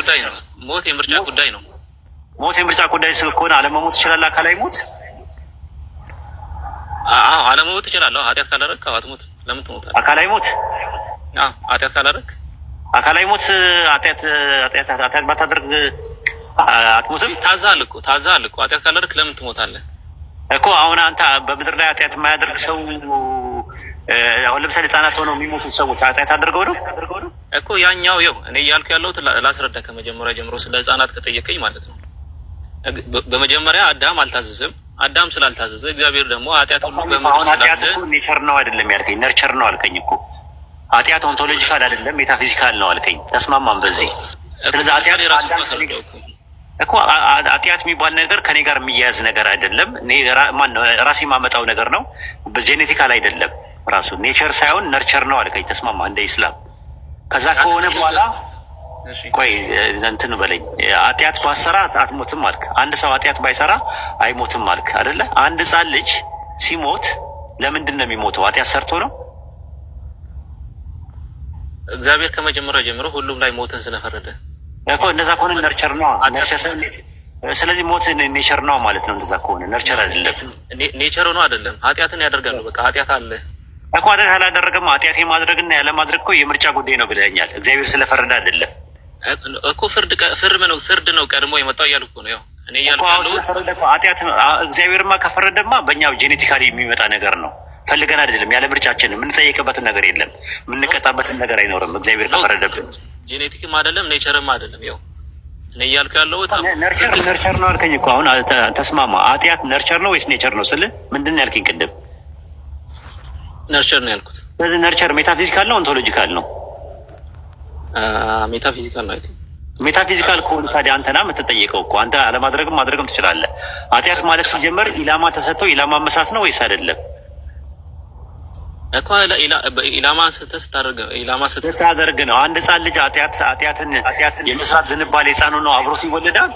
ጉዳይ ነው። ሞት የምርጫ ጉዳይ ነው። ሞት የምርጫ ጉዳይ ስለሆነ አለመሞት ይችላል። አካላዊ ሞት አዎ፣ አለመሞት ይችላል። አዎ፣ ኃጢአት ካላረግ አትሞት። ለምን ትሞታለህ? አካላዊ ሞት አዎ፣ ኃጢአት ካላረግ አካላዊ ሞት ኃጢአት ኃጢአት ባታደርግ አትሞትም። ታዛሃል እኮ ታዛሃል እኮ ኃጢአት ካላረግ ለምን ትሞታለህ እኮ። አሁን አንተ በምድር ላይ ኃጢአት የማያደርግ ሰው አሁን ለምሳሌ ህጻናት ሆነው የሚሞቱ ሰዎች ኃጢአት አድርገው ነው እኮ ያኛው ይኸው እኔ እያልኩ ያለሁት ላስረዳ። ከመጀመሪያ ጀምሮ ስለ ህጻናት ከጠየቀኝ ማለት ነው። በመጀመሪያ አዳም አልታዘዘም። አዳም ስላልታዘዘ እግዚአብሔር ደግሞ ኃጢአት ሁሉ በመሆን ኃጢአት ኔቸር ነው አይደለም ያልከኝ፣ ነርቸር ነው አልከኝ እኮ። ኃጢአት ኦንቶሎጂካል አይደለም ሜታፊዚካል ነው አልከኝ። ተስማማም በዚህ። ስለዚህ ኃጢአት እኮ ኃጢአት የሚባል ነገር ከኔ ጋር የሚያያዝ ነገር አይደለም። ራሴ የማመጣው ነገር ነው። በጄኔቲካል አይደለም። ራሱ ኔቸር ሳይሆን ነርቸር ነው አልከኝ። ተስማማ እንደ ኢስላም ከዛ ከሆነ በኋላ ቆይ እንትን በለኝ አጢአት ባሰራ አትሞትም አልክ። አንድ ሰው አጢአት ባይሰራ አይሞትም አልክ አደለ? አንድ ህፃን ልጅ ሲሞት ለምንድን ነው የሚሞተው? አጢአት ሰርቶ ነው? እግዚአብሔር ከመጀመሪያ ጀምሮ ሁሉም ላይ ሞትን ስለፈረደ እኮ እነዛ ከሆነ ነርቸር ነው። ስለዚህ ሞት ኔቸር ነው ማለት ነው። እንደዛ ከሆነ ነርቸር አይደለም ኔቸር ነው አይደለም። አጥያትን ያደርጋሉ። በቃ አጥያት አለ እኮ ኃጢአት አላደረገም። ኃጢአት የማድረግና ያለማድረግ እኮ የምርጫ ጉዳይ ነው ብለኛል። እግዚአብሔር ስለፈረደ አይደለም እኮ ፍርድ ነው ፍርድ ነው ቀድሞ የመጣው እያልኩ ነው። ያው እኔ እያልኩ እግዚአብሔርማ ከፈረደማ በእኛ ጄኔቲካሊ የሚመጣ ነገር ነው። ፈልገን አይደለም፣ ያለ ምርጫችን የምንጠይቅበትን ነገር የለም፣ የምንቀጣበትን ነገር አይኖርም። እግዚአብሔር ከፈረደብን ጄኔቲክም አይደለም ኔቸርም አይደለም። ያው እኔ እያልኩ ያለሁት ነርቸር ነው አልከኝ እኮ አሁን ተስማማ። ኃጢአት ነርቸር ነው ወይስ ኔቸር ነው ስል ምንድን ነው ያልከኝ ቅድም? ነርቸር ነው ያልኩት። ስለዚህ ነርቸር ሜታፊዚካል ነው ኦንቶሎጂካል ነው? ሜታፊዚካል ነው። ሜታፊዚካል ከሆኑ ታዲያ አንተና የምትጠየቀው እኮ አንተ አለማድረግም ማድረግም ትችላለህ። አጥያት ማለት ሲጀመር ኢላማ ተሰጥተው ኢላማ መሳት ነው ወይስ አይደለም? ኢላማ ስታደርግ ነው። አንድ ህፃን ልጅ አጥያትን የመስራት ዝንባሌ ህፃኑ ነው አብሮት ይወለዳል።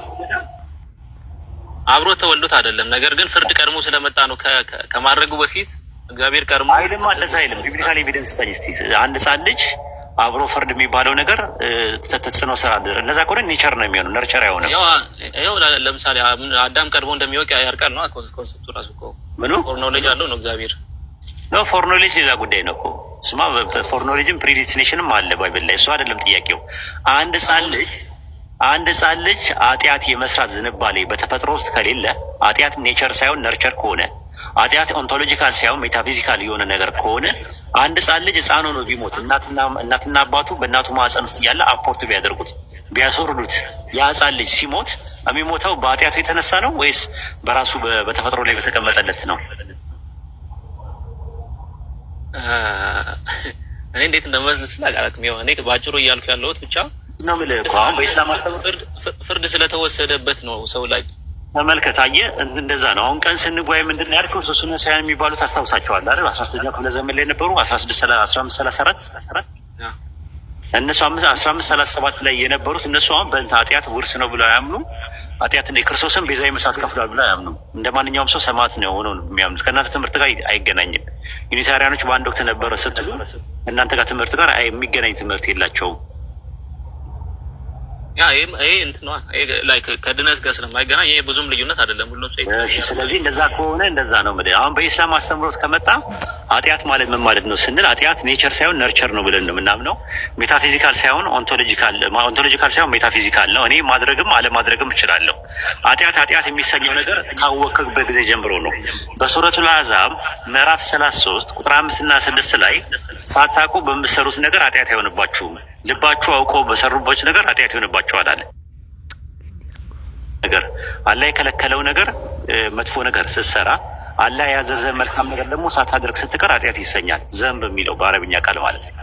አብሮ ተወልዶት አይደለም። ነገር ግን ፍርድ ቀድሞ ስለመጣ ነው ከማድረጉ በፊት እግዚአብሔር ቀድሞ አይልም። እንደዛ አይልም። ቢብሊካል ኤቪደንስ ስጠኝ እስኪ። አንድ ህፃን ልጅ አብሮ ፍርድ የሚባለው ነገር ተጽዕኖ ስራ እንደዛ ከሆነ ኔቸር ነው የሚሆነው፣ ነርቸር አይሆንም። ይኸው ለምሳሌ አዳም ቀድሞ እንደሚወቅ ያርቃል ነው ኮንሰፕቱ ራሱ እኮ ምኑ ፎርኖሌጅ አለው ነው እግዚአብሔር ነው። ፎርኖሌጅ ሌላ ጉዳይ ነው እኮ ስማ፣ ፎርኖሌጅም ፕሪዲስቲኔሽንም አለ ባይብል ላይ። እሱ አይደለም ጥያቄው። አንድ ህፃን ልጅ አንድ ህፃን ልጅ ኃጢአት የመስራት ዝንባሌ በተፈጥሮ ውስጥ ከሌለ ኃጢአት ኔቸር ሳይሆን ነርቸር ከሆነ ኃጢአት ኦንቶሎጂካል ሳይሆን ሜታፊዚካል የሆነ ነገር ከሆነ አንድ ህፃን ልጅ ህፃን ሆኖ ቢሞት እናትና አባቱ በእናቱ ማህፀን ውስጥ እያለ አፖርት ቢያደርጉት ቢያስወርዱት ያ ህፃን ልጅ ሲሞት የሚሞተው በኃጢአቱ የተነሳ ነው ወይስ በራሱ በተፈጥሮ ላይ በተቀመጠለት ነው? እኔ እንዴት እንደመዝን ስላቃላቅም ሆ እኔ በአጭሩ እያልኩ ያለሁት ብቻ ነው። በኢስላም ፍርድ ስለተወሰደበት ነው ሰው ላይ ተመልከታየ እንደዛ ነው። አሁን ቀን ስንጓይ ምንድን ነው ያልከው? ሶስቱን ሳያን የሚባሉት አስታውሳቸዋል አይደል? አስራ ስድስተኛው ክፍለ ዘመን ላይ የነበሩ አስራ ስድስት አስራ አምስት ሰላሳ አራት እነሱ አስራ አምስት ሰላሳ ሰባት ላይ የነበሩት እነሱ አሁን በእንተ ኃጢአት ውርስ ነው ብለው አያምኑ። ኃጢአት ክርስቶስን ቤዛ መስዋዕት ከፍሏል ብለው አያምኑ። እንደ ማንኛውም ሰው ሰማዕት ነው ሆነው የሚያምኑት። ከእናንተ ትምህርት ጋር አይገናኝም። ዩኒታሪያኖች በአንድ ወቅት ነበረ ስትሉ እናንተ ጋር ትምህርት ጋር የሚገናኝ ትምህርት የላቸውም። ያ ይሄ እንትን ላይክ ከድነት ጋር ስለማይገና ይሄ ብዙም ልዩነት አይደለም። ሁሉም ስለዚህ እንደዛ ከሆነ እንደዛ ነው ምድ አሁን በኢስላም አስተምሮት ከመጣ አጢአት ማለት ምን ማለት ነው ስንል አጢአት ኔቸር ሳይሆን ነርቸር ነው ብለን ነው የምናምነው። ሜታፊዚካል ሳይሆን ኦንቶሎጂካል፣ ኦንቶሎጂካል ሳይሆን ሜታፊዚካል ነው። እኔ ማድረግም አለማድረግም እችላለሁ። አጢአት አጢአት የሚሰኘው ነገር ካወቅበት ጊዜ ጀምሮ ነው። በሱረቱ አሕዛብ ምዕራፍ 33 ቁጥር 5 እና 6 ላይ ሳታውቁ በምትሰሩት ነገር አጢአት አይሆንባችሁም ልባችሁ አውቆ በሰሩበት ነገር ኃጢአት ይሆንባችኋል አለ። ነገር አላህ የከለከለው ነገር መጥፎ ነገር ስትሰራ አላህ ያዘዘ መልካም ነገር ደግሞ ሳታደርግ ስትቀር ኃጢአት ይሰኛል። ዘንብ የሚለው በአረብኛ ቃል ማለት ነው።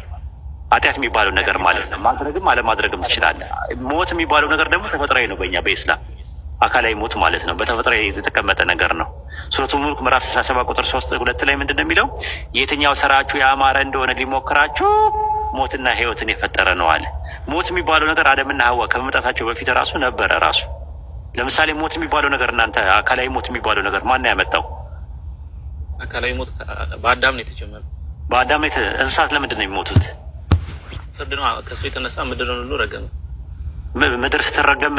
ኃጢአት የሚባለው ነገር ማለት ነው። ማድረግም አለማድረግም ትችላለህ። ሞት የሚባለው ነገር ደግሞ ተፈጥሯዊ ነው። በእኛ በኢስላም አካላዊ ሞት ማለት ነው። በተፈጥሮ የተቀመጠ ነገር ነው። ሱረቱ ሙልክ ምዕራፍ ስልሳ ሰባት ቁጥር ሶስት ሁለት ላይ ምንድን ነው የሚለው? የትኛው ስራችሁ ያማረ እንደሆነ ሊሞክራችሁ ሞትና ህይወትን የፈጠረ ነው አለ። ሞት የሚባለው ነገር አደምና ሀዋ ከመምጣታቸው በፊት ራሱ ነበረ። ራሱ ለምሳሌ ሞት የሚባለው ነገር እናንተ አካላዊ ሞት የሚባለው ነገር ማን ያመጣው? አካላዊ ሞት በአዳም ነው የተጀመረው። በአዳም እንስሳት ለምንድን ነው የሚሞቱት? ፍርድ ነው። ከሱ የተነሳ ምድር ሁሉ ረገመ። ምድር ስትረገም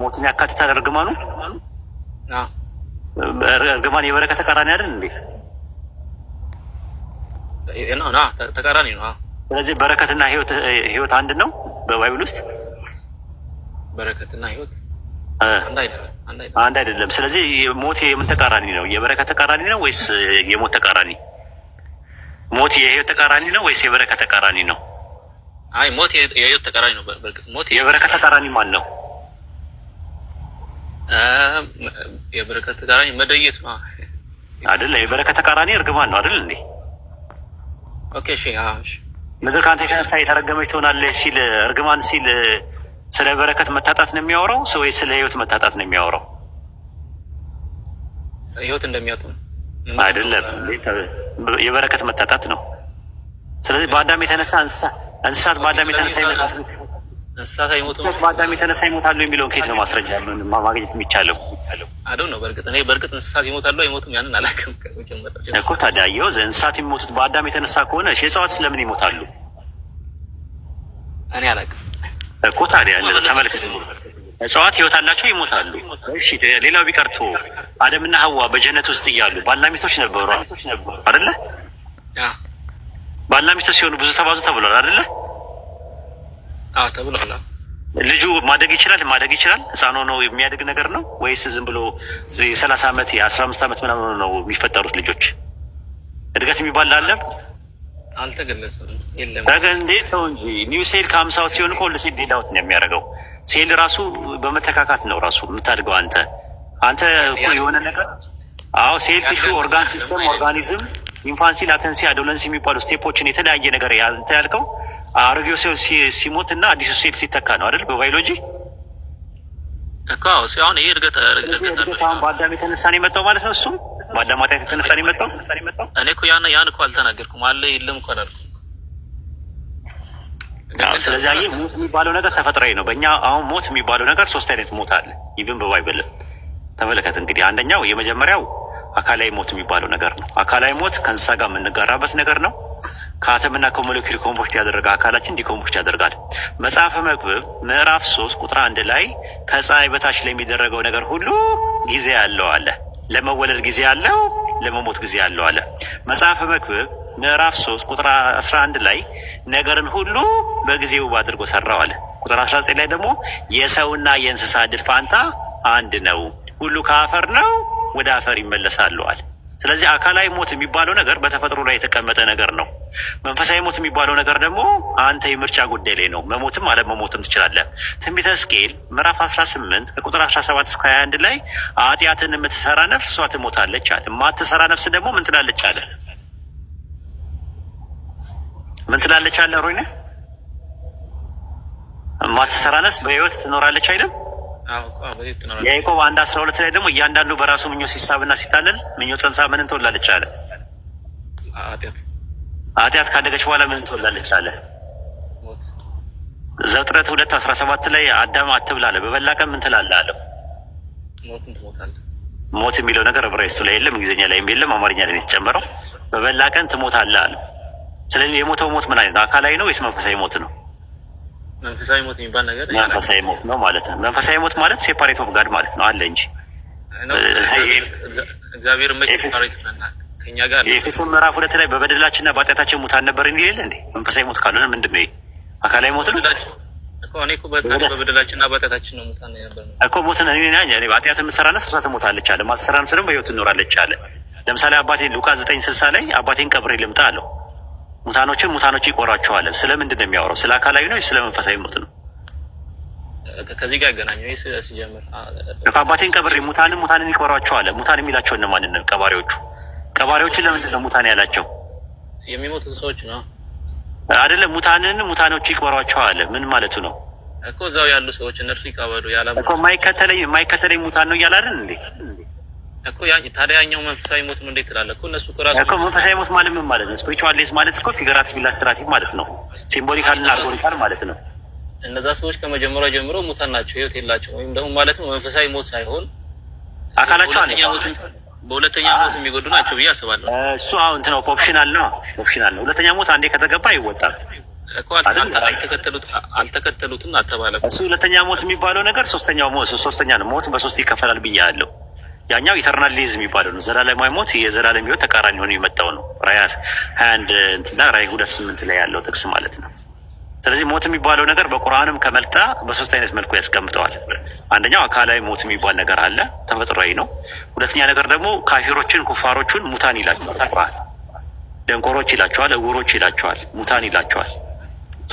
ሞትን ያካትታል እርግማኑ። እርግማን የበረከት ተቃራኒ አይደል እንዴ? ተቃራኒ ነው። ስለዚህ በረከትና ህይወት አንድ ነው። በባይብል ውስጥ በረከትና ህይወት አንድ አይደለም። ስለዚህ ሞት የምን ተቃራኒ ነው? የበረከት ተቃራኒ ነው ወይስ የሞት ተቃራኒ? ሞት የህይወት ተቃራኒ ነው ወይስ የበረከት ተቃራኒ ነው? አይ ሞት የህይወት ተቃራኒ ነው። በርግጥ ሞት የበረከት ተቃራኒ ማን ነው? የበረከት ተቃራኒ መደየት ነው አይደለ? የበረከት ተቃራኒ እርግማን ነው አይደል እንዴ? ኦኬ እሺ። ምድር ከአንተ የተነሳ የተረገመች ትሆናለች ሲል እርግማን ሲል ስለ በረከት መታጣት ነው የሚያወራው ሰው ስለ ህይወት መታጣት ነው የሚያወራው? ህይወት እንደሚያጡ አይደለም፣ የበረከት መታጣት ነው። ስለዚህ በአዳም የተነሳ እንስሳት በአዳም የተነሳ በአዳም የተነሳ ይሞታሉ የሚለውን ኬስ ነው ማስረጃ ማግኘት የሚቻለው። አደው ነው በእርግጥ እኔ በእርግጥ እንስሳት ይሞታሉ አይሞቱም ያንን አላውቅም እኮ ታዲያ ይኸው እንስሳት የሚሞቱት በአዳም የተነሳ ከሆነ እጽዋት ስለምን ይሞታሉ? እኔ አላውቅም እኮ ታዲያ ተመልክት፣ እጽዋት ህይወት አላቸው ይሞታሉ። እሺ ሌላው ቢቀርቶ አደምና ሀዋ በጀነት ውስጥ እያሉ ባልና ሚስቶች ነበሩ አይደለ? ባልና ሚስቶች ሲሆኑ ብዙ ተባዙ ተብሏል አይደለ? ተብሏል። ልጁ ማደግ ይችላል ማደግ ይችላል። ህፃን ሆኖ የሚያደግ ነገር ነው ወይስ ዝም ብሎ የሰላሳ ዓመት የአስራ አምስት ዓመት ምናምን ነው የሚፈጠሩት ልጆች? እድገት የሚባል አለ አልተገለጸም። እንዴት እንጂ ኒው ሴል ከሀምሳ ሲሆን እኮ ሴል ሌላውት ነው የሚያደርገው። ሴል ራሱ በመተካካት ነው ራሱ የምታድገው። አንተ አንተ እኮ የሆነ ነገር አዎ፣ ሴል ቲሹ፣ ኦርጋን ሲስተም፣ ኦርጋኒዝም፣ ኢንፋንሲ፣ ላተንሲ፣ አዶለንስ የሚባሉ ስቴፖችን የተለያየ ነገር አንተ ያልከው አሮጌው ሴል ሲሞት እና አዲሱ ሴል ሲተካ ነው አይደል? በባዮሎጂ እኮ አሁን ይሄ እርግጥ እርግጥ በአዳም የተነሳ ነው የመጣው ማለት ነው። እሱም በአዳም ኃጢአት የተነሳ ነው የመጣው። እኔ እኮ ያን ያን እኮ አልተናገርኩም አለ የለም እኮ አላልኩም። ስለዚህ አየህ ሞት የሚባለው ነገር ተፈጥሯዊ ነው። በእኛ አሁን ሞት የሚባለው ነገር ሶስት አይነት ሞት አለ። ይብን በባይብል ተመለከት እንግዲህ አንደኛው የመጀመሪያው አካላዊ ሞት የሚባለው ነገር ነው። አካላዊ ሞት ከእንስሳ ጋር የምንጋራበት ነገር ነው። ከአተምና ከሞለኪል ኮምፖስት ያደረገ አካላችን ዲኮምፖስት ያደርጋል። መጽሐፈ መክብብ ምዕራፍ ሶስት ቁጥር አንድ ላይ ከፀሐይ በታች ለሚደረገው ነገር ሁሉ ጊዜ ያለው አለ። ለመወለድ ጊዜ ያለው፣ ለመሞት ጊዜ ያለው አለ። መጽሐፈ መክብብ ምዕራፍ ሶስት ቁጥር 11 ላይ ነገርን ሁሉ በጊዜው አድርጎ ሰራው አለ። ቁጥር 19 ላይ ደግሞ የሰውና የእንስሳ ድል ፋንታ አንድ ነው፣ ሁሉ ከአፈር ነው፣ ወደ አፈር ይመለሳሉ አለ። ስለዚህ አካላዊ ሞት የሚባለው ነገር በተፈጥሮ ላይ የተቀመጠ ነገር ነው። መንፈሳዊ ሞት የሚባለው ነገር ደግሞ አንተ የምርጫ ጉዳይ ላይ ነው። መሞትም አለመሞትም ትችላለህ። ትንቢተ ሕዝቅኤል ምዕራፍ 18 ከቁጥር 17 እስከ 21 ላይ አጢአትን የምትሰራ ነፍስ እሷ ትሞታለች አለ። የማትሰራ ነፍስ ደግሞ ምን ትላለች አለ። ምን ትላለች አለ። ሮይነ የማትሰራ ነፍስ በህይወት ትኖራለች አይደል? ያዕቆብ አንድ አስራ ሁለት ላይ ደግሞ እያንዳንዱ በራሱ ምኞት ሲሳብና ሲታለል ምኞት ጸንሳ ምንን ትወላለች አለ ኃጢአት ካደገች በኋላ ምን ትወላለች አለ። ዘፍጥረት ሁለት አስራ ሰባት ላይ አዳም አትብላ አለ። በበላ ቀን ምን ትላለህ አለው። ሞት የሚለው ነገር ዕብራይስጡ ላይ የለም፣ እንግሊዝኛ ላይም የለም፣ አማርኛ ላይ የተጨመረው በበላ ቀን ትሞታለህ አለ። ስለዚህ የሞተው ሞት ምን አይነት ነው? አካላዊ ነው ወይስ መንፈሳዊ ሞት ነው? መንፈሳዊ ሞት የሚባል ነገር መንፈሳዊ ሞት ነው ማለት ነው። መንፈሳዊ ሞት ማለት ሴፓሬት ኦፍ ጋድ ማለት ነው አለ እንጂ እግዚአብሔር መቼ ሴፓሬት ከኛ ጋር የኤፌሶን ምዕራፍ ሁለት ላይ በበደላችንና በኃጢአታችን ሙታን ነበርን ይላል እንዴ? መንፈሳዊ ሞት ካልሆነ ምንድን ነው? አካላዊ ሞት ነው እኮ በበደላችንና በኃጢአታችን ነው ሙታን ነበርን እኮ ሞት ነው። እኔ ነኝ ኃጢአት የምትሰራና ሰውሳት ትሞታለች አለ ማለት ሰራም ስለም በህይወት ትኖራለች አለ። ለምሳሌ አባቴ ሉቃስ ዘጠኝ ስልሳ ላይ አባቴን ቀብሬ ልምጣ አለው። ሙታኖችን ሙታኖች ይቆራቸዋል። ስለምንድን ነው የሚያወራው? ስለ አካላዊ ነው? ስለ መንፈሳዊ ሞት ነው? ከዚህ ጋር ገናኘው ሲጀምር አባቴን ቀብሬ ሙታንን ሙታንን ይቆራቸዋል። ሙታን የሚላቸው እነማንን? ቀባሪዎቹ ቀባሪዎቹን ለምንድን ነው ሙታን ያላቸው? የሚሞቱን ሰዎች ነው አይደለም። ሙታንን ሙታኖቹ ይቅበሯቸው አለ። ምን ማለቱ ነው እኮ? እዛው ያሉ ሰዎች እነርሱ ይቀበሉ። ያላ እኮ የማይከተለኝ የማይከተለኝ ሙታን ነው እያለ አይደል እንዴ እኮ ታዲያ ያኛው መንፈሳዊ ሞት ነው እንዴት ትላለህ? እኮ እነሱ እኮ እኮ መንፈሳዊ ሞት ማለት ምን ማለት ነው? ስፒሪቹዋሊስት ማለት እኮ ፊግራቲቭ ኢላስትራቲቭ ማለት ነው። ሲምቦሊካል እና አርጎሪካል ማለት ነው። እነዛ ሰዎች ከመጀመሪያ ጀምሮ ሙታን ናቸው፣ ህይወት የላቸው ወይም ደግሞ ማለት ነው መንፈሳዊ ሞት ሳይሆን አካላቸው አለ በሁለተኛ ሞት የሚጎዱ ናቸው ብዬ አስባለሁ። እሱ አሁን እንትን ነው ኦፕሽናል ነው ኦፕሽናል ነው። ሁለተኛ ሞት አንዴ ከተገባ አይወጣም አልተከተሉትም አልተባለም። እሱ ሁለተኛ ሞት የሚባለው ነገር ሶስተኛው ሞት ሶስተኛ ነው። ሞት በሶስት ይከፈላል ብዬ አለው። ያኛው ኢተርናል ሊዝ የሚባለው ነው። ዘላለማዊ ሞት የዘላለም ህይወት ተቃራኒ ሆኖ የመጣው ነው። ራይ ሀያ አንድ እና ራይ ሁለት ስምንት ላይ ያለው ጥቅስ ማለት ነው። ስለዚህ ሞት የሚባለው ነገር በቁርአንም ከመልጣ በሶስት አይነት መልኩ ያስቀምጠዋል። አንደኛው አካላዊ ሞት የሚባል ነገር አለ፣ ተፈጥሯዊ ነው። ሁለተኛ ነገር ደግሞ ካፊሮችን ኩፋሮቹን ሙታን ይላቸዋል ደንቆሮች ይላቸዋል፣ እውሮች ይላቸዋል፣ ሙታን ይላቸዋል።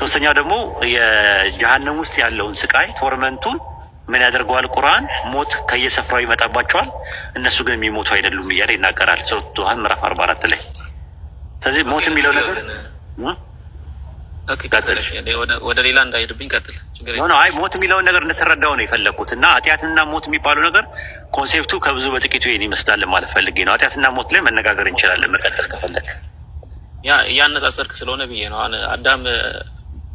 ሶስተኛው ደግሞ የጀሃነም ውስጥ ያለውን ስቃይ ቶርመንቱን ምን ያደርገዋል? ቁርአን ሞት ከየሰፍራው ይመጣባቸዋል፣ እነሱ ግን የሚሞቱ አይደሉም እያለ ይናገራል ሱረቱ ዱሃ ምዕራፍ አርባ አራት ላይ ስለዚህ ሞት የሚለው ነገር ወደ ሌላ እንዳይሄድብኝ ቀጥል። አይ ሞት የሚለውን ነገር እንድትረዳው ነው የፈለግኩት እና አጢአትና ሞት የሚባለው ነገር ኮንሴፕቱ ከብዙ በጥቂቱ ይህን ይመስላል ማለት ፈልጌ ነው። አጢአትና ሞት ላይ መነጋገር እንችላለን መቀጠል ከፈለግ። ያ እያነጻጸርክ ስለሆነ ብዬ ነው። አዳም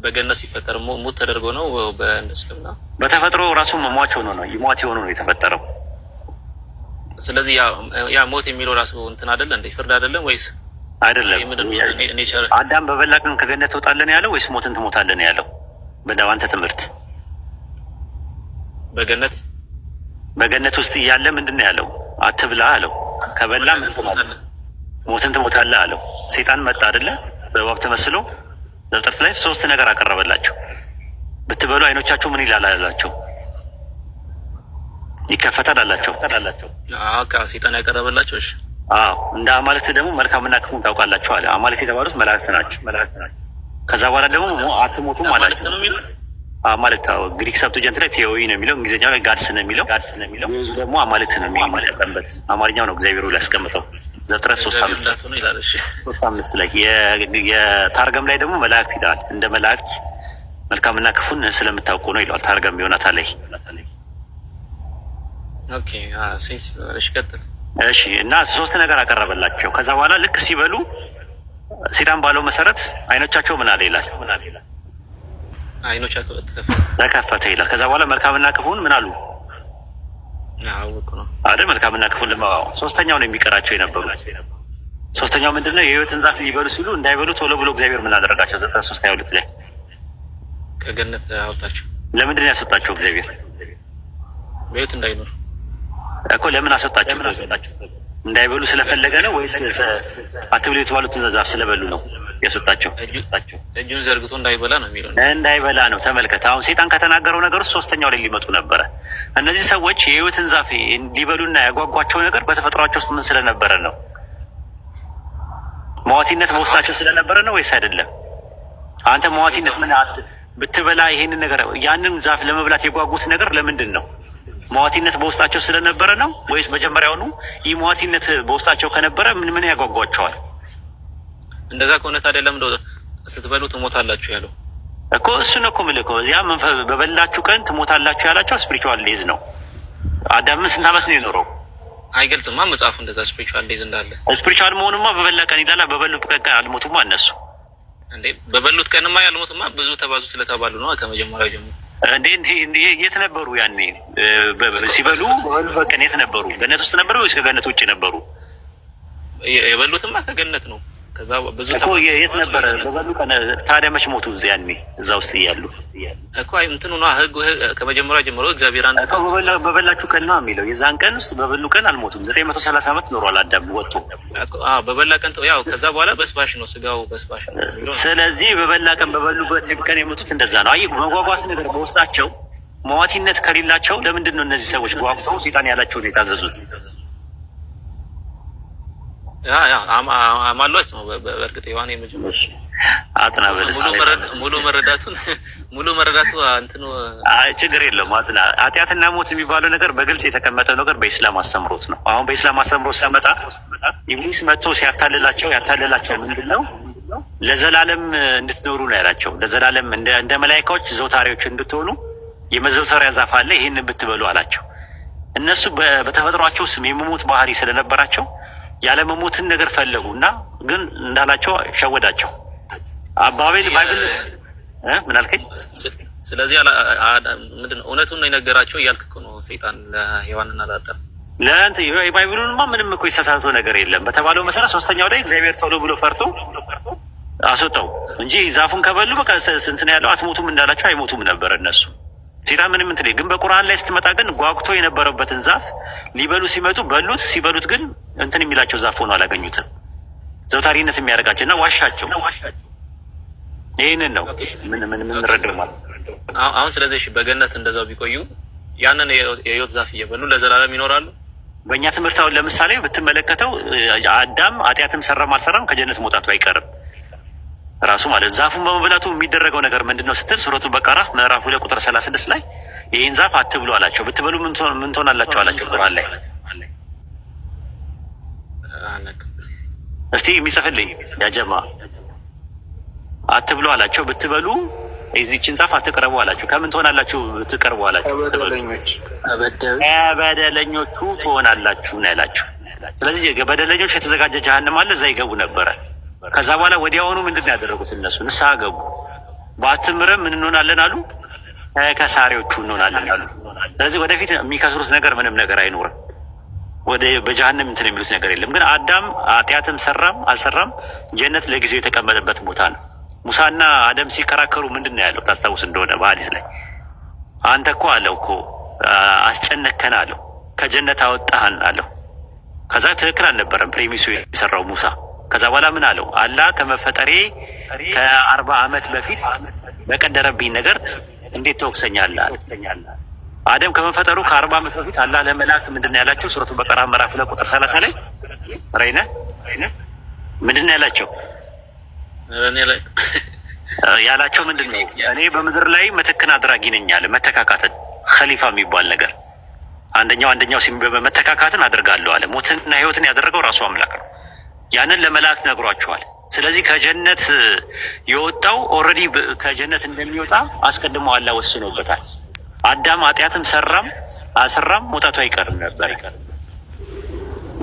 በገነት ሲፈጠር ሙት ተደርጎ ነው በእስልምና በተፈጥሮ ራሱ ሟች ሆኖ ነው ሟት የሆኑ ነው የተፈጠረው። ስለዚህ ያ ሞት የሚለው ራሱ እንትን አደለ እንደ ፍርድ አይደለም ወይስ አይደለም አዳም በበላ ቀን ከገነት ትወጣለን ያለው ወይስ ሞትን ትሞታለን ያለው? በዳዋንተ ትምህርት በገነት በገነት ውስጥ እያለ ምንድን ነው ያለው? አትብላ አለው። ከበላ ሞትን ትሞታለ አለው። ሴጣን መጣ አይደለ? በእባብ ተመስሎ ዘፍጥረት ላይ ሶስት ነገር አቀረበላቸው። ብትበሉ አይኖቻችሁ ምን ይላል አላቸው? ይከፈታል አላቸው። ሴጣን ያቀረበላቸው እሺ እንደ አማልክት ደግሞ መልካምና ክፉ ታውቃላችሁ አለ። አማልክት የተባሉት መላእክት ናቸው። መላእክት ናቸው። ከዛ በኋላ ደግሞ አትሞቱም ማለት ነው አማልክት። ነው ግሪክ ሰብቶጀንት ላይ ቴዎዊ ነው የሚለው፣ እንግሊዝኛው ላይ ጋድስ ነው የሚለው፣ ጋድስ ነው የሚለው ደግሞ አማልክት ነው የሚቀበት። አማርኛው ነው እግዚአብሔር ላይ ያስቀምጠው ዘፍጥረት ሶስት አምስት ላይ። የታርገም ላይ ደግሞ መላእክት ይላል። እንደ መላእክት መልካምና ክፉን ስለምታውቁ ነው ይለዋል ታርገም። ይሆናታል ላይ ኦኬ ሴንስ ቀጥል እሺ እና ሶስት ነገር አቀረበላቸው። ከዛ በኋላ ልክ ሲበሉ ሴጣን ባለው መሰረት አይኖቻቸው ምን አለ ይላል፣ አይኖቻቸው ተከፈተ ይላል። ከዛ በኋላ መልካምና ክፉን ምን አሉ አይደል? መልካምና ክፉን ለማወቅ ሶስተኛው ነው የሚቀራቸው የነበሩ ሶስተኛው ምንድን ነው? የህይወትን ዛፍ ሊበሉ ሲሉ እንዳይበሉ ቶሎ ብሎ እግዚአብሔር ምን አደረጋቸው? ዘጠና ሶስት ሀያ ሁለት ላይ ከገነት አወጣቸው። ለምንድን ነው ያስወጣቸው እግዚአብሔር? በህይወት እንዳይኖር እኮ ለምን አስወጣችሁ? እንዳይበሉ ስለፈለገ ነው ወይስ አትብሉ የተባሉትን ዛፍ ስለበሉ ነው ያስወጣቸው? እጁን ዘርግቶ እንዳይበላ ነው የሚለው እንዳይበላ ነው። ተመልከት፣ አሁን ሴጣን ከተናገረው ነገር ውስጥ ሶስተኛው ላይ ሊመጡ ነበረ። እነዚህ ሰዎች የህይወትን ዛፍ ሊበሉና ያጓጓቸው ነገር በተፈጥሯቸው ውስጥ ምን ስለነበረ ነው? መዋቲነት በውስጣቸው ስለነበረ ነው ወይስ አይደለም? አንተ መዋቲነት ምን ብትበላ ይሄንን ነገር ያንን ዛፍ ለመብላት የጓጉት ነገር ለምንድን ነው? መዋቲነት በውስጣቸው ስለነበረ ነው ወይስ መጀመሪያውኑ ይህ መዋቲነት በውስጣቸው ከነበረ ምን ምን ያጓጓቸዋል? እንደዛ ከሆነ ታዲያ ለምን ስትበሉ ትሞታላችሁ ያለው እኮ እሱን እኮ ምልኮ እዚያ በበላችሁ ቀን ትሞታላችሁ ያላቸው ስፒሪቹዋል ሌዝ ነው። አዳምን ስንት ዓመት ነው የኖረው? አይገልጽማ መጽሐፉ እንደዛ ስፒሪቹዋል ሌዝ እንዳለ። ስፒሪቹዋል መሆኑማ በበላ ቀን ይላላ። በበሉት ቀን አልሞቱማ እነሱ እንዴ። በበሉት ቀንማ ያልሞቱማ ብዙ ተባዙ ስለተባሉ ነው ከመጀመሪያው ጀምሮ እንዴ የት ነበሩ? ያኔ ሲበሉ በቀን የት ነበሩ? ገነት ውስጥ ነበሩ ወይስ ከገነት ውጭ ነበሩ? የበሉትማ ከገነት ነው። ከዛ ብዙ የት ነበረ በበሉ ቀን ታዲያ መች ሞቱ? እዚህ ያኔ እዛ ውስጥ እያሉ እኮ እንትን ሆኗ ህግ ከመጀመሪያ ጀምሮ እግዚአብሔር አንድ በበላችሁ ቀን ነው የሚለው። የዛን ቀን ውስጥ በበሉ ቀን አልሞቱም። ዘጠኝ መቶ ሰላሳ ዓመት ኖሯል አዳም ወጥቶ በበላ ቀን ያው ከዛ በኋላ በስባሽ ነው ስጋው በስባሽ ነው። ስለዚህ በበላ ቀን በበሉበት ቀን የሞቱት እንደዛ ነው። አይ መጓጓት ነገር በውስጣቸው መዋቲነት ከሌላቸው ለምንድን ነው እነዚህ ሰዎች ጓጉተው ሴጣን ያላቸውን የታዘዙት? አማሏች ነው። በእርግጥ ሙሉ መረዳቱን ሙሉ መረዳቱ እንትኑ ችግር የለውም። ኃጢአትና ሞት የሚባለው ነገር በግልጽ የተቀመጠው ነገር በኢስላም አስተምሮት ነው። አሁን በኢስላም አስተምሮት ሲያመጣ ኢብሊስ መጥቶ ሲያታልላቸው ያታልላቸው ምንድን ነው? ለዘላለም እንድትኖሩ ነው ያላቸው። ለዘላለም እንደ መላይካዎች ዘውታሪዎች እንድትሆኑ የመዘውተሪያ ዛፍ አለ፣ ይህን ብትበሉ አላቸው። እነሱ በተፈጥሯቸው የመሞት ባህሪ ስለነበራቸው ያለመሞትን ነገር ፈለጉ እና ግን እንዳላቸው ሸወዳቸው። አባቤል ባይብል ምን አልከኝ? ስለዚህ ምንድን ነው እውነቱን ነው የነገራቸው እያልክ እኮ ነው ሰይጣን ለሔዋንና ለአዳም ለእንት የባይብሉንማ ምንም እኮ የተሳሳተ ነገር የለም በተባለው መሰረት ሶስተኛው ላይ እግዚአብሔር ተብሎ ብሎ ፈርቶ አስወጣው እንጂ ዛፉን ከበሉ በቃ ስንት ያለው አትሞቱም እንዳላቸው አይሞቱም ነበር እነሱ። ሴጣን ምንም እንትን ግን በቁርአን ላይ ስትመጣ ግን ጓጉቶ የነበረበትን ዛፍ ሊበሉ ሲመጡ በሉት፣ ሲበሉት ግን እንትን የሚላቸው ዛፍ ሆኖ አላገኙትም። ዘውታሪነት የሚያደርጋቸው እና ዋሻቸው ይህንን ነው ምን ምን የምንረዳው ማለት አሁን ስለዚህ በገነት እንደዛው ቢቆዩ ያንን የህይወት ዛፍ እየበሉ ለዘላለም ይኖራሉ። በእኛ ትምህርት አሁን ለምሳሌ ብትመለከተው አዳም አጢአትም ሰራም አልሰራም ከጀነት መውጣቱ አይቀርም ራሱ ማለት ዛፉን በመብላቱ የሚደረገው ነገር ምንድን ነው ስትል ሱረቱ በቀራ ምዕራፍ ሁለት ቁጥር ሰላሳ ስድስት ላይ ይህን ዛፍ አትብሉ አላቸው። ብትበሉ ምን ትሆናላቸው አላቸው ቁርአን ላይ እስቲ የሚጽፍልኝ ያጀማ አትብሉ አላቸው። ብትበሉ የዚችን ጻፍ አትቅረቡ አላቸው። ከምን ትሆናላችሁ? ብትቀርቡ አላቸው። በደለኞቹ ትሆናላችሁ ነው ያላቸው። ስለዚህ በደለኞች የተዘጋጀ ጀሃንም አለ። እዛ ይገቡ ነበረ። ከዛ በኋላ ወዲያውኑ ምንድን ነው ያደረጉት? እነሱ ንስሐ ገቡ። በአትምረም ምን እንሆናለን አሉ፣ ከሳሪዎቹ እንሆናለን አሉ። ስለዚህ ወደፊት የሚከስሩት ነገር ምንም ነገር አይኖርም። ወደ በጀሃንም እንትን የሚሉት ነገር የለም። ግን አዳም ኃጢአትም ሰራም አልሰራም ጀነት ለጊዜው የተቀመጠበት ቦታ ነው። ሙሳና አደም ሲከራከሩ ምንድን ነው ያለው? ታስታውስ እንደሆነ በሐዲስ ላይ አንተ እኮ አለው እኮ አስጨነከን አለው ከጀነት አወጣህን አለው። ከዛ ትክክል አልነበረም ፕሬሚሱ የሰራው ሙሳ። ከዛ በኋላ ምን አለው? አላ ከመፈጠሬ ከአርባ ዓመት በፊት በቀደረብኝ ነገር እንዴት ተወቅሰኛለህ? አደም ከመፈጠሩ ከአርባ ዓመት በፊት አላህ ለመላእክት ምንድን ነው ያላቸው? ሱረቱ በቀራ ምዕራፍ ሁለት ቁጥር ሰላሳ ላይ ረይነ ምንድን ነው ያላቸው? ያላቸው ምንድን ነው? እኔ በምድር ላይ ምትክን አድራጊ ነኝ አለ። መተካካትን ኸሊፋ የሚባል ነገር አንደኛው አንደኛው መተካካትን አድርጋለሁ አለ። ሞትንና ህይወትን ያደረገው ራሱ አምላክ ነው። ያንን ለመላእክት ነግሯቸዋል። ስለዚህ ከጀነት የወጣው ኦልሬዲ ከጀነት እንደሚወጣ አስቀድሞ አላ ወስኖበታል። አዳም ኃጢአትም ሰራም አሰራም መውጣቱ አይቀርም ነበር።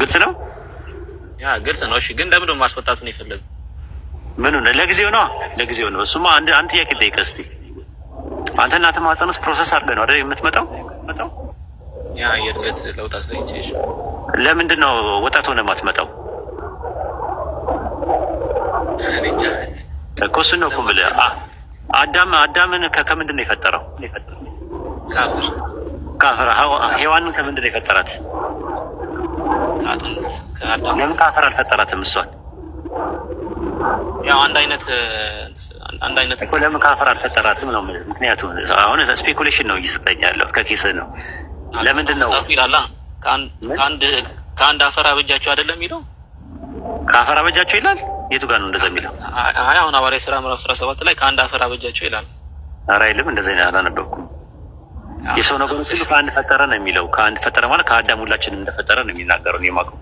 ግልጽ ነው፣ ያ ግልጽ ነው። እሺ ግን ለምን ማስወጣቱ ነው የፈለገው? ምኑ ነው? ለጊዜው ነው፣ ለጊዜው ነው። እሱማ አንድ አንድ ጥያቄ ጠይቀህ እስኪ አንተ እናትህ ፕሮሰስ አድርገህ ነው አይደል የምትመጣው? ያ የእድገት ለውጥ አሳይቼ። እሺ ለምንድን ነው ወጣት ሆነህ የማትመጣው? እኮ እሱን ነው እኮ የምልህ። አዳም አዳምን ከምንድን ነው የፈጠረው? ካፍራ ሔዋንን ከምንድን ነው የፈጠራት? ለምን ካፈር አልፈጠራትም? እሷን ያው አንድ አይነት አንድ አይነት እኮ ለምን ካፈር አልፈጠራትም ነው። ምክንያቱም አሁን ስፔኩሌሽን ነው ነው። ለምንድን ነው ይላል ከአንድ አፈር አበጃቸው አይደለም የሚለው ከአፈር አበጃቸው ይላል። የቱ ጋር ነው እንደዛ የሚለው? አሁን አዋሪ ስራ ምዕራፍ ሰባት ላይ ከአንድ አፈር አበጃቸው ይላል። አራይልም እንደዚህ አላነበብኩም። የሰው ነገር ሁሉ ከአንድ ፈጠረ ነው የሚለው። ከአንድ ፈጠረ ማለት ከአዳም ሁላችን እንደፈጠረ ነው የሚናገረው። እኔ የማውቀው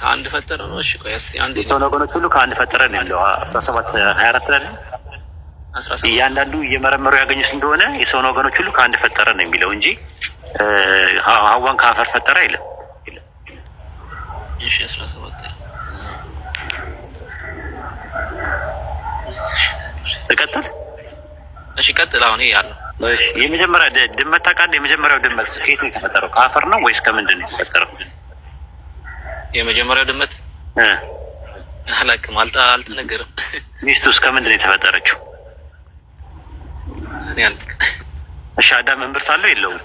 ከአንድ ፈጠረ ነው። እሺ ቆይ እስኪ አንድ የሰው ነገር ሁሉ ከአንድ ፈጠረ ነው የሚለው አስራ ሰባት ሀያ አራት ላይ እያንዳንዱ እየመረመሩ ያገኙት እንደሆነ የሰው ነገሮች ሁሉ ከአንድ ፈጠረ ነው የሚለው እንጂ ሀዋን ከአፈር ፈጠረ አይልም። እሺ አስራ ሰባት እቀጥል። እሺ ቀጥል። አሁን ያለው የመጀመሪያ ድመት ታውቃለህ? የመጀመሪያው ድመት ከየት ነው የተፈጠረው? ከአፈር ነው ወይስ ከምንድን ነው የተፈጠረው? የመጀመሪያው ድመት አላውቅም፣ አልተነገረም። ሚስቱስ ከምንድን ነው የተፈጠረችው? እሺ አዳም እምብርት አለው የለውም?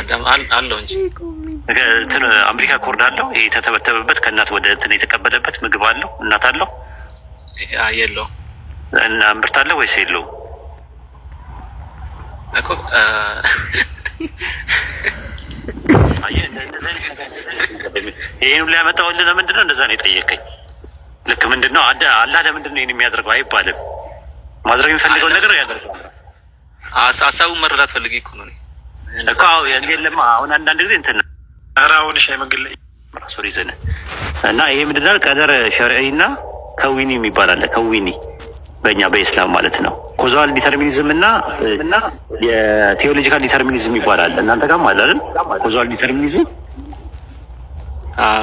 አዳም አለው እንጂ አሜሪካ ኮርድ አለው። ይሄ የተተበተበበት ከእናት ወደ እንትን የተቀበለበት ምግብ አለው። እናት አለው የለውም እና አለ ወይስ የለውም? ይህን ላይ ያመጣሁልህ ለምንድን ነው? እንደዛ ነው የጠየቀኝ። ልክ ምንድን ነው አላህ ለምንድን ነው ይህን የሚያደርገው አይባልም። ማድረግ የሚፈልገው ነገር ያደርጋል። ሀሳቡን መረዳት ፈልጌ እኮ ነው እኮ የለም። አሁን አንዳንድ ጊዜ እንትን ራሁን ሻይ መንገድ ሶሪ ዘነ እና ይሄ ምንድን ነው ቀደር ሸርዒና ከዊኒ የሚባል አለ ከዊኒ በእኛ በኢስላም ማለት ነው። ኮዛል ዲተርሚኒዝም እና የቴዎሎጂካል ዲተርሚኒዝም ይባላል። እናንተ ጋርም አለ አይደል? ኮዛል ዲተርሚኒዝም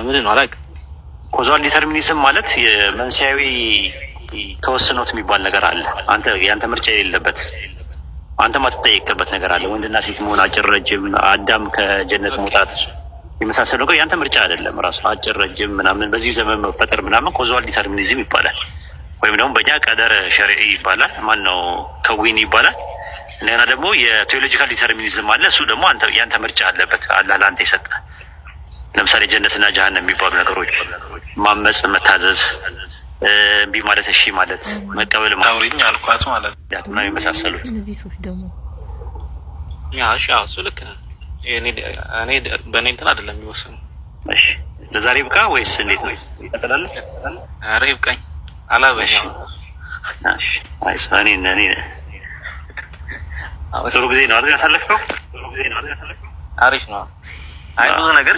ምንድን ነው? አላቅ ኮዛል ዲተርሚኒዝም ማለት የመንስያዊ ተወስኖት የሚባል ነገር አለ። አንተ የአንተ ምርጫ የሌለበት አንተ ማትጠየቅበት ነገር አለ። ወንድና ሴት መሆን፣ አጭር ረጅም፣ አዳም ከጀነት መውጣት የመሳሰሉ ነገር የአንተ ምርጫ አይደለም። ራሱ አጭር ረጅም ምናምን፣ በዚህ ዘመን መፈጠር ምናምን ኮዛል ዲተርሚኒዝም ይባላል። ወይም ደግሞ በእኛ ቀደር ሸርዒ ይባላል። ማን ነው ከዊን ይባላል። እንደገና ደግሞ የቴዎሎጂካል ዲተርሚኒዝም አለ። እሱ ደግሞ ያንተ ምርጫ አለበት፣ አላህ ለአንተ የሰጠ ለምሳሌ ጀነትና ጀሀነም የሚባሉ ነገሮች፣ ማመፅ፣ መታዘዝ፣ እምቢ ማለት፣ እሺ ማለት፣ መቀበል ማለት አልኳት ማለት ነው የመሳሰሉት እሱ ልክ እኔ በእኔ እንትን አይደለም የሚወስኑ። ለዛሬ ብቃ ወይስ እንዴት ነው? ይቀጥላል። ኧረ ይብቃኝ። አላበሽም። ጥሩ ጊዜ ነው አሪፍ ነው። አይ ብዙ ነገር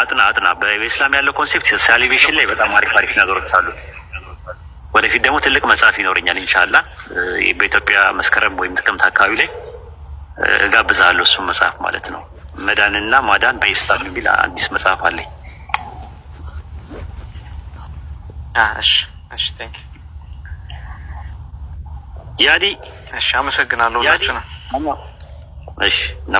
አጥና አጥና። በኢስላም ያለው ኮንሴፕት ሳሊቬሽን ላይ በጣም አሪፍ አሪፍ ነገሮች አሉት። ወደፊት ደግሞ ትልቅ መጽሐፍ ይኖረኛል ኢንሻላ በኢትዮጵያ መስከረም ወይም ጥቅምት አካባቢ ላይ እጋብዛለሁ። እሱም መጽሐፍ ማለት ነው መዳንና ማዳን በኢስላም የሚል አዲስ መጽሐፍ አለኝ። እሺ እሺ፣ ቴንክ ያዲ። እሺ፣ አመሰግናለሁ። ሁላችሁ ነው። እሺ